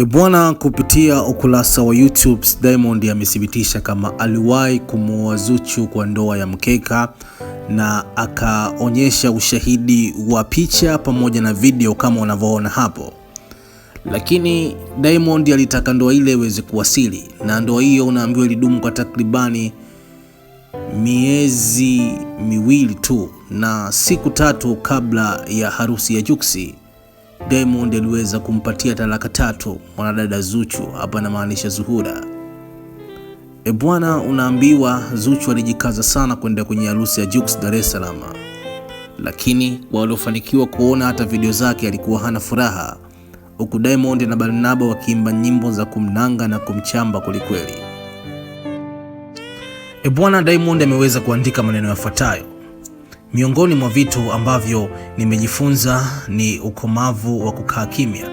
Ebwana, kupitia ukurasa wa YouTube Diamond amethibitisha kama aliwahi kumuoa Zuchu kwa ndoa ya mkeka na akaonyesha ushahidi wa picha pamoja na video kama unavyoona hapo, lakini Diamond alitaka ndoa ile iweze kuwasili, na ndoa hiyo unaambiwa ilidumu kwa takribani miezi miwili tu na siku tatu kabla ya harusi ya Juksi Diamond aliweza kumpatia talaka tatu mwanadada Zuchu, hapa anamaanisha Zuhura. E bwana, unaambiwa Zuchu alijikaza sana kwenda kwenye harusi ya Jux Dar es Salaam, lakini kwa waliofanikiwa kuona hata video zake alikuwa hana furaha, huku Diamond na Barnaba wakiimba nyimbo za kumnanga na kumchamba kwelikweli. E bwana, Diamond ameweza kuandika maneno yafuatayo: Miongoni mwa vitu ambavyo nimejifunza ni ukomavu wa kukaa kimya.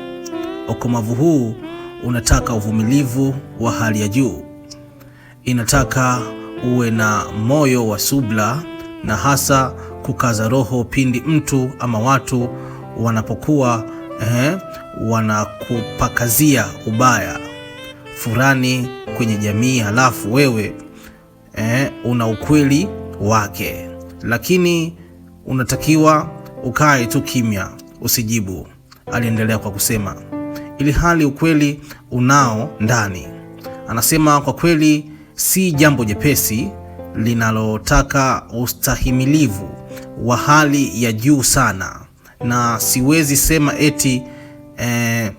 Ukomavu huu unataka uvumilivu wa hali ya juu, inataka uwe na moyo wa subla na hasa kukaza roho pindi mtu ama watu wanapokuwa eh, wanakupakazia ubaya fulani kwenye jamii, halafu wewe eh, una ukweli wake lakini unatakiwa ukae tu kimya, usijibu, aliendelea kwa kusema, ili hali ukweli unao ndani. Anasema kwa kweli si jambo jepesi linalotaka ustahimilivu wa hali ya juu sana, na siwezi sema eti eh,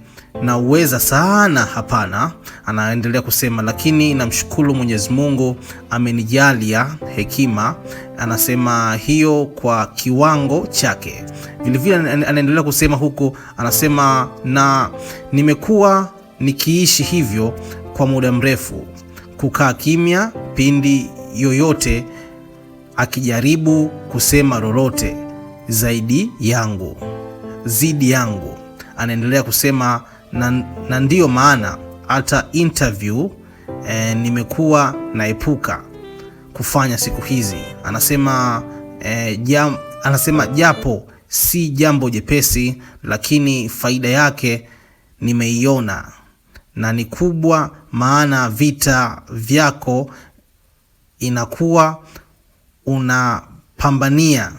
na uweza sana hapana, anaendelea kusema lakini namshukuru Mwenyezi Mungu amenijalia hekima, anasema hiyo kwa kiwango chake. Vilevile anaendelea kusema huku, anasema na nimekuwa nikiishi hivyo kwa muda mrefu, kukaa kimya pindi yoyote akijaribu kusema lolote zaidi yangu, zidi yangu, anaendelea kusema na, na ndiyo maana hata interview e, nimekuwa naepuka kufanya siku hizi. Anasema e, jam, anasema japo si jambo jepesi, lakini faida yake nimeiona na ni kubwa, maana vita vyako inakuwa unapambania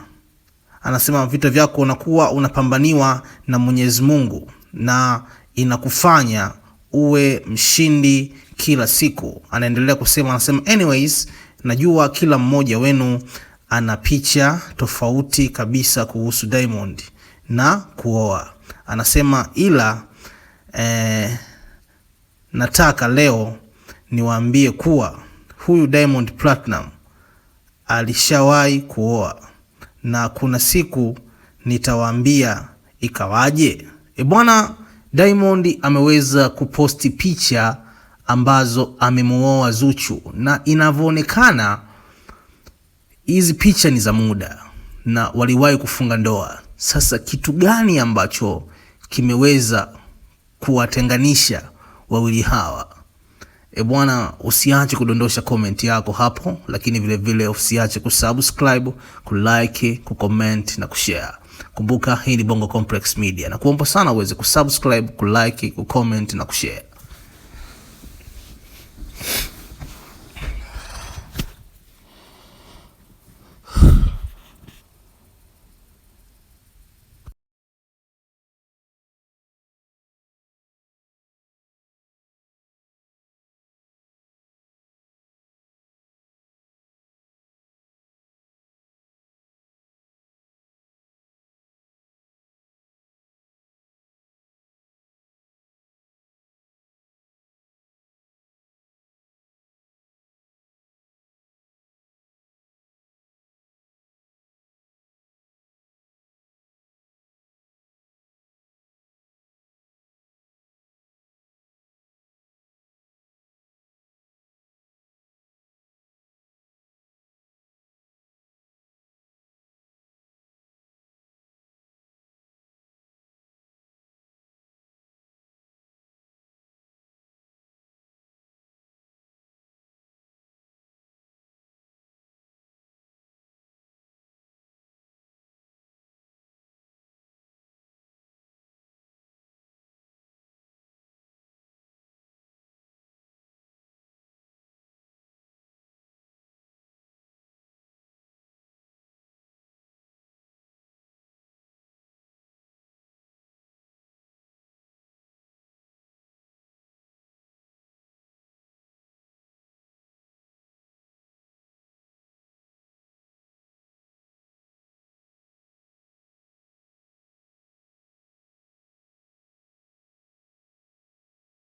anasema vita vyako unakuwa unapambaniwa na Mwenyezi Mungu na inakufanya uwe mshindi kila siku. Anaendelea kusema, anasema anyways, najua kila mmoja wenu ana picha tofauti kabisa kuhusu Diamond na kuoa. Anasema ila eh, nataka leo niwaambie kuwa huyu Diamond Platinum alishawahi kuoa na kuna siku nitawaambia ikawaje. E bwana. Diamond ameweza kuposti picha ambazo amemuoa Zuchu, na inavyoonekana hizi picha ni za muda na waliwahi kufunga ndoa. Sasa kitu gani ambacho kimeweza kuwatenganisha wawili hawa? E bwana, usiache kudondosha komenti yako hapo, lakini vilevile usiache kusubscribe, kulike, kucomment na kushare. Kumbuka hii ni Bongo Complex Media, na kuomba sana uweze kusubscribe, kulike, kucomment na kushare.